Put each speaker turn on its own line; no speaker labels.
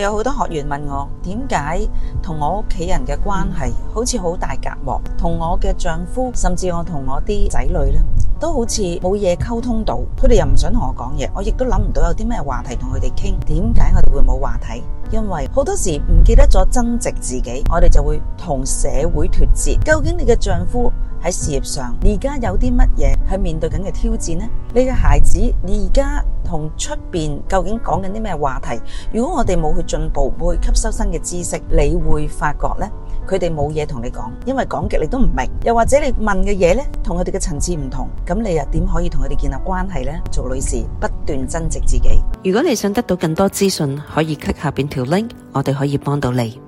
有好多學員問我點解同我屋企人嘅關係好似好大隔膜，同我嘅丈夫，甚至我同我啲仔女呢，都好似冇嘢溝通到，佢哋又唔想同我講嘢，我亦都諗唔到有啲咩話題同佢哋傾。點解我哋會冇話題？因為好多時唔記得咗增值自己，我哋就會同社會脱節。究竟你嘅丈夫，喺事業上，而家有啲乜嘢係面對緊嘅挑戰呢？你嘅孩子，你而家同出面究竟講緊啲咩話題？如果我哋冇去進步，冇去吸收新嘅知識，你會發覺咧，佢哋冇嘢同你講，因為講極你都唔明。又或者你問嘅嘢咧，同佢哋嘅層次唔同，咁你又點可以同佢哋建立關係咧？做女士不斷增值自己。
如果你想得到更多資訊，可以 click 下
邊條 link，我哋可以幫到你。